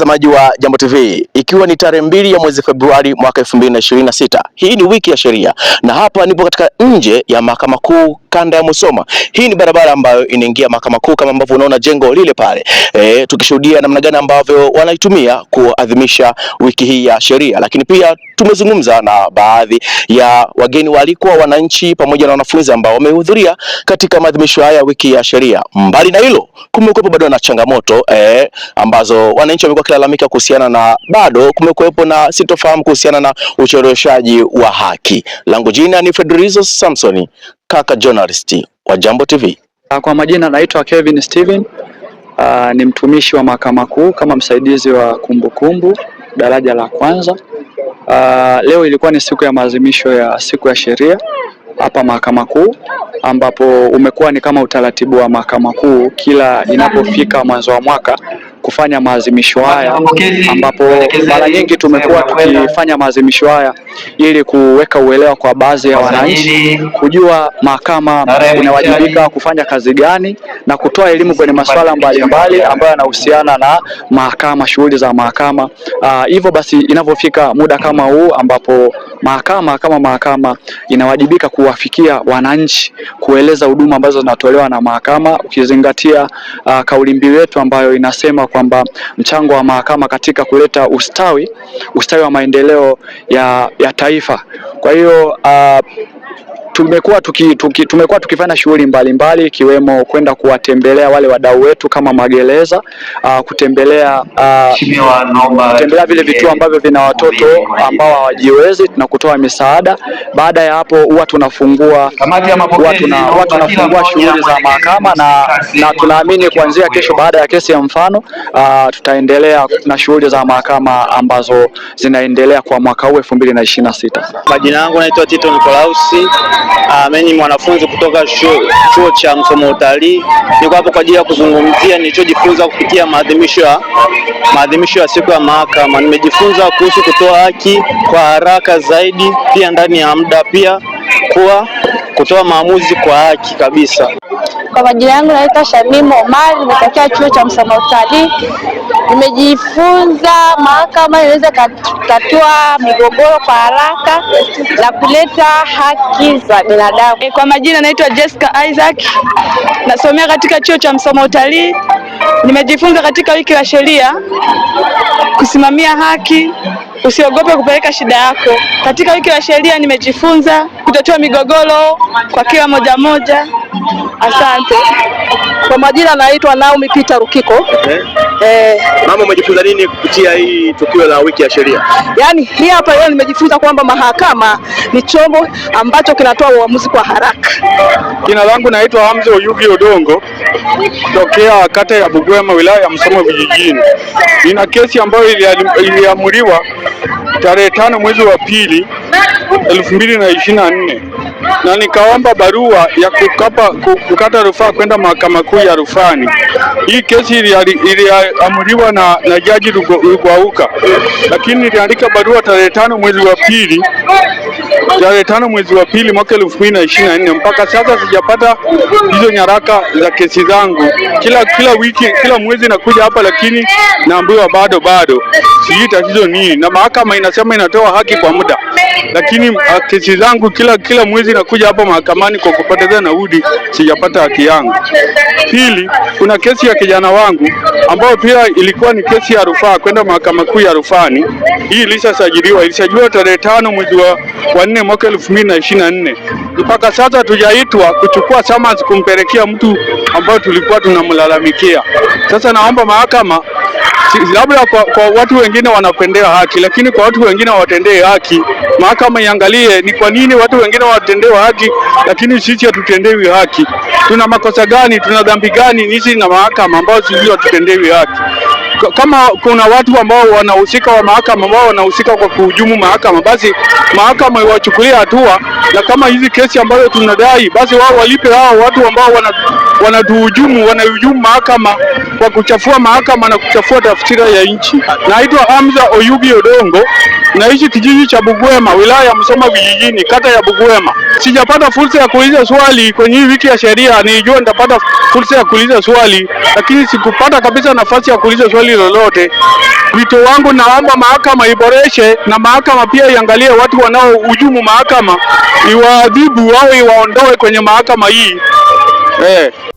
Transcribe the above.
Mtazamaji wa Jambo TV, ikiwa ni tarehe mbili ya mwezi Februari mwaka 2026. Hii ni wiki ya sheria na hapa nipo katika nje ya Mahakama Kuu kanda ya Musoma. Hii ni barabara ambayo inaingia mahakama kuu kama ambavyo unaona jengo lile pale. E, tukishuhudia namna gani ambavyo wanaitumia kuadhimisha wiki hii ya sheria, lakini pia tumezungumza na baadhi ya wageni walikuwa wananchi pamoja na wanafunzi ambao wamehudhuria katika maadhimisho haya wiki ya sheria. Mbali na hilo, kumekuwepo bado na changamoto eh, ambazo wananchi wamekuwa kilalamika kuhusiana na bado kumekuwepo na sitofahamu kuhusiana na ucheleweshaji wa haki. Langu jina ni Fredrizo Samsoni. Kaka journalist wa Jambo TV. Ah, kwa majina naitwa Kevin Steven. Uh, ni mtumishi wa Mahakama Kuu kama msaidizi wa kumbukumbu kumbu, daraja la kwanza. Uh, leo ilikuwa ni siku ya maadhimisho ya siku ya sheria hapa Mahakama Kuu ambapo umekuwa ni kama utaratibu wa Mahakama Kuu kila inapofika mwanzo wa mwaka kufanya maazimisho haya, ambapo mara nyingi tumekuwa tukifanya maazimisho haya ili kuweka uelewa kwa baadhi ya wananchi kujua mahakama inawajibika kufanya kazi gani na kutoa elimu kwenye masuala mbalimbali ambayo yanahusiana na mahakama, shughuli za mahakama. Ah, hivyo basi inavyofika muda kama huu ambapo Mahakama kama mahakama inawajibika kuwafikia wananchi, kueleza huduma ambazo zinatolewa na mahakama, ukizingatia uh, kauli mbiu yetu ambayo inasema kwamba mchango wa mahakama katika kuleta ustawi, ustawi wa maendeleo ya, ya taifa. Kwa hiyo uh, tumekuwa tuki, tuki, tumekuwa tukifanya shughuli mbalimbali ikiwemo kwenda kuwatembelea wale wadau wetu kama magereza uh, kutembelea uh, kutembelea vile vituo ambavyo vina watoto ambao hawajiwezi na kutoa misaada. Baada ya hapo huwa tunafungua huwa tunafungua shughuli za mahakama na, na tunaamini kuanzia kesho baada ya kesi ya mfano uh, tutaendelea na shughuli za mahakama ambazo zinaendelea kwa mwaka huu 2026. Majina yangu naitwa Tito Nikolausi. Ah, mimi ni mwanafunzi kutoka chuo cha msomo utalii. Niko hapo kwa ajili ya kuzungumzia nilichojifunza kupitia maadhimisho ya maadhimisho ya siku ya mahakama. Nimejifunza kuhusu kutoa haki kwa haraka zaidi, pia ndani ya muda, pia kuwa kutoa maamuzi kwa haki kabisa. Kwa majina yangu naitwa Shamimu Omar, nimetokea chuo cha msomo utalii. Nimejifunza mahakama inaweza kutatua migogoro kwa haraka na kuleta haki za binadamu. E, kwa majina naitwa Jessica Isaac, nasomea katika chuo cha msomo Utalii. Nimejifunza katika wiki ya sheria kusimamia haki, usiogope kupeleka shida yako. Katika wiki ya sheria nimejifunza kutatua migogoro kwa kila moja moja. Asante majina naitwa Naomi Peter Rukiko. Okay. Eh. eh, mama umejifunza nini kupitia hii tukio la wiki ya sheria? Yaani hii hapa leo nimejifunza kwamba mahakama ni chombo ambacho kinatoa uamuzi kwa haraka. Jina langu naitwa Hamza Oyugi Odongo tokea kata ya Bugwema wilaya ya msomo vijijini. Nina kesi ambayo iliamuliwa tarehe tano mwezi wa pili elfu mbili na ishirini na nne na nikaomba barua ya kukapa, kukata rufaa kwenda mahakama kuu ya rufani. Hii kesi iliamriwa na, na jaji Rugwauka, lakini niliandika barua tarehe tano mwezi wa pili tarehe tano mwezi wa pili mwaka elfu mbili na ishirini na nne. Mpaka sasa sijapata hizo nyaraka za kesi zangu. Kila kila wiki kila mwezi nakuja hapa, lakini naambiwa bado bado, sijui tatizo nini, na mahakama inasema inatoa haki kwa muda lakini uh, kesi zangu kila kila mwezi nakuja hapa mahakamani kwa kupoteza naudi, sijapata haki yangu. Pili, kuna kesi ya kijana wangu ambayo pia ilikuwa ni kesi ya rufaa kwenda mahakama kuu ya rufani. Hii ilishasajiliwa, ilishajiliwa tarehe tano mwezi wa nne mwaka elfu mbili na ishirini na nne. Mpaka sasa tujaitwa kuchukua summons kumpelekea mtu ambayo tulikuwa tunamlalamikia. Sasa naomba mahakama labda kwa, kwa watu wengine wanapendea haki, lakini kwa watu wengine hawatendei haki. Mahakama iangalie ni kwa nini watu wengine watendewa haki, lakini sisi hatutendewi haki. Tuna makosa gani? Tuna dhambi gani? Nisi na mahakama ambayo sisi hatutendewi haki kama kuna watu ambao wanahusika wa mahakama ambao wanahusika kwa kuhujumu mahakama, basi mahakama iwachukulie hatua, na kama hizi kesi ambazo tunadai, basi wao walipe hao watu ambao wanatuhujumu, wanahujumu mahakama kwa kuchafua mahakama na kuchafua tafsira ya nchi. Naitwa Hamza Oyugi Odongo naishi kijiji cha Bugwema, wilaya ya Msoma vijijini, kata ya Bugwema. Sijapata fursa ya kuuliza swali kwenye hii wiki ya sheria. Nilijua nitapata fursa ya kuuliza swali, lakini sikupata kabisa nafasi ya kuuliza swali lolote. Wito wangu, naomba mahakama iboreshe na mahakama pia iangalie watu wanaohujumu mahakama, iwaadhibu wao, iwaondoe kwenye mahakama hii eh.